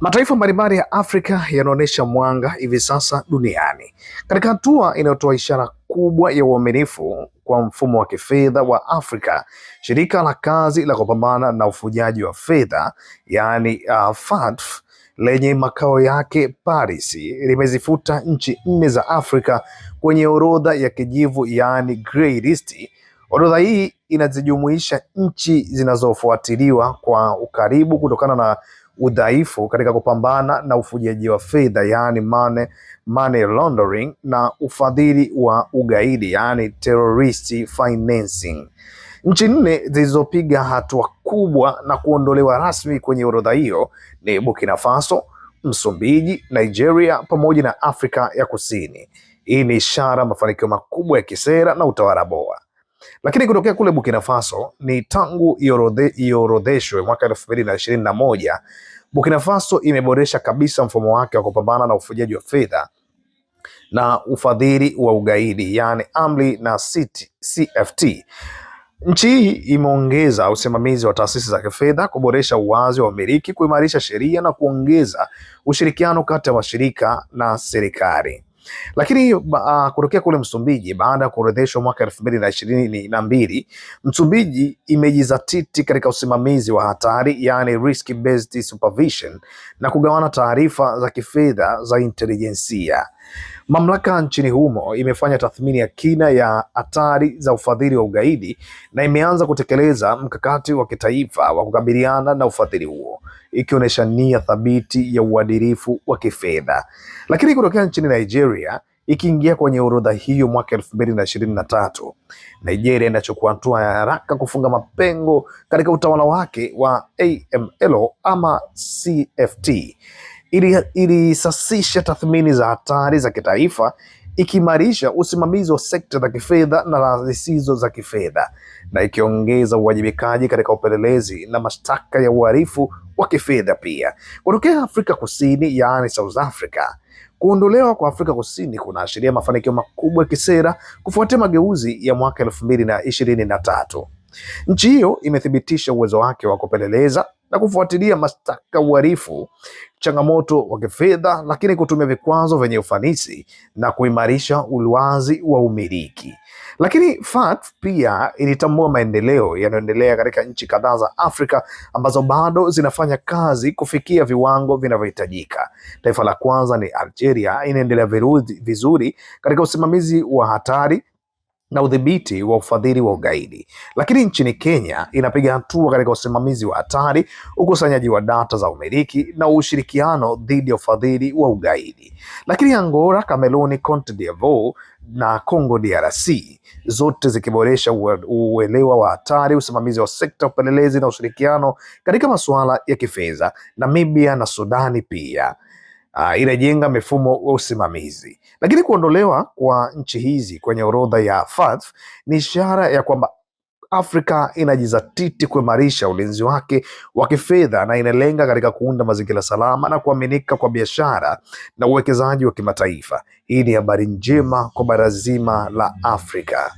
Mataifa mbalimbali ya Afrika yanaonyesha mwanga hivi sasa duniani katika hatua inayotoa ishara kubwa ya uaminifu kwa mfumo wa kifedha wa Afrika. Shirika la kazi la kupambana na ufujaji wa fedha yaani uh, FATF lenye makao yake Paris limezifuta nchi nne za Afrika kwenye orodha ya kijivu yaani grey list Orodha hii inazijumuisha nchi zinazofuatiliwa kwa ukaribu kutokana na udhaifu katika kupambana na ufujaji wa fedha yaani money, money laundering na ufadhili wa ugaidi yaani terrorist financing. Nchi nne zilizopiga hatua kubwa na kuondolewa rasmi kwenye orodha hiyo ni Burkina Faso, Msumbiji, Nigeria pamoja na Afrika ya Kusini. Hii ni ishara mafanikio makubwa ya kisera na utawala bora. Lakini kutokea kule Burkina Faso ni tangu iorodheshwe mwaka elfu mbili na ishirini na moja Burkina Faso imeboresha kabisa mfumo wake wa kupambana na ufujaji wa fedha na ufadhili wa ugaidi, yaani amli na CFT. Nchi hii imeongeza usimamizi wa taasisi za kifedha, kuboresha uwazi wa umiliki, kuimarisha sheria na kuongeza ushirikiano kati ya mashirika na serikali. Lakini uh, kutokea kule Msumbiji baada ya kuorodheshwa mwaka elfu mbili na ishirini na mbili, Msumbiji imejizatiti katika usimamizi wa hatari, yani risk based supervision, na kugawana taarifa za kifedha za intelijensia. Mamlaka nchini humo imefanya tathmini ya kina ya hatari za ufadhili wa ugaidi na imeanza kutekeleza mkakati wa kitaifa wa kukabiliana na ufadhili huo ikionyesha nia thabiti ya uadilifu wa kifedha. Lakini kutokea nchini Nigeria ikiingia kwenye orodha hiyo mwaka elfu mbili na ishirini na tatu Nigeria inachukua hatua ya haraka kufunga mapengo katika utawala wake wa AMLO ama CFT. Ilisasisha ili tathmini za hatari za kitaifa ikiimarisha usimamizi wa sekta za kifedha na zisizo za kifedha na ikiongeza uwajibikaji katika upelelezi na mashtaka ya uhalifu wa kifedha pia. Kutokea Afrika Kusini, yaani South Africa, kuondolewa kwa Afrika Kusini kunaashiria mafanikio makubwa ya kisera kufuatia mageuzi ya mwaka elfu mbili na ishirini na tatu. Nchi hiyo imethibitisha uwezo wake wa kupeleleza na kufuatilia mashtaka uhalifu, changamoto wa kifedha, lakini kutumia vikwazo vyenye ufanisi na kuimarisha uwazi wa umiliki. Lakini FAT pia ilitambua maendeleo yanayoendelea katika nchi kadhaa za Afrika ambazo bado zinafanya kazi kufikia viwango vinavyohitajika. Taifa la kwanza ni Algeria, inaendelea vizuri katika usimamizi wa hatari na udhibiti wa ufadhili wa ugaidi. Lakini nchini Kenya inapiga hatua katika usimamizi wa hatari, ukusanyaji wa data za umiliki na ushirikiano dhidi ya ufadhili wa ugaidi. Lakini Angola, Kameruni, Cote d'Ivoire na Congo DRC zote zikiboresha uelewa wa hatari, usimamizi wa sekta, upelelezi na ushirikiano katika masuala ya kifedha. Namibia na Sudani pia uh, inajenga mifumo wa usimamizi. Lakini kuondolewa kwa nchi hizi kwenye orodha ya FATF ni ishara ya kwamba Afrika inajizatiti kuimarisha ulinzi wake wa kifedha na inalenga katika kuunda mazingira salama na kuaminika kwa biashara na uwekezaji wa kimataifa. Hii ni habari njema kwa bara zima la Afrika.